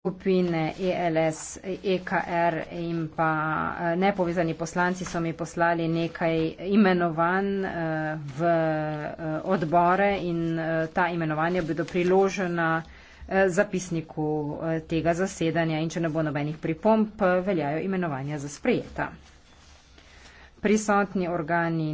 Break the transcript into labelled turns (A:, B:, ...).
A: skupine ELS, EKR in pa eh, nepovezani poslanci so mi poslali nekaj imenovanj eh, v eh, odbore in ta imenovanja bodo priložena zapisniku tega zasedanja in če ne bo nobenih pripomp, veljajo imenovanja za sprejeta.
B: Prisotni organi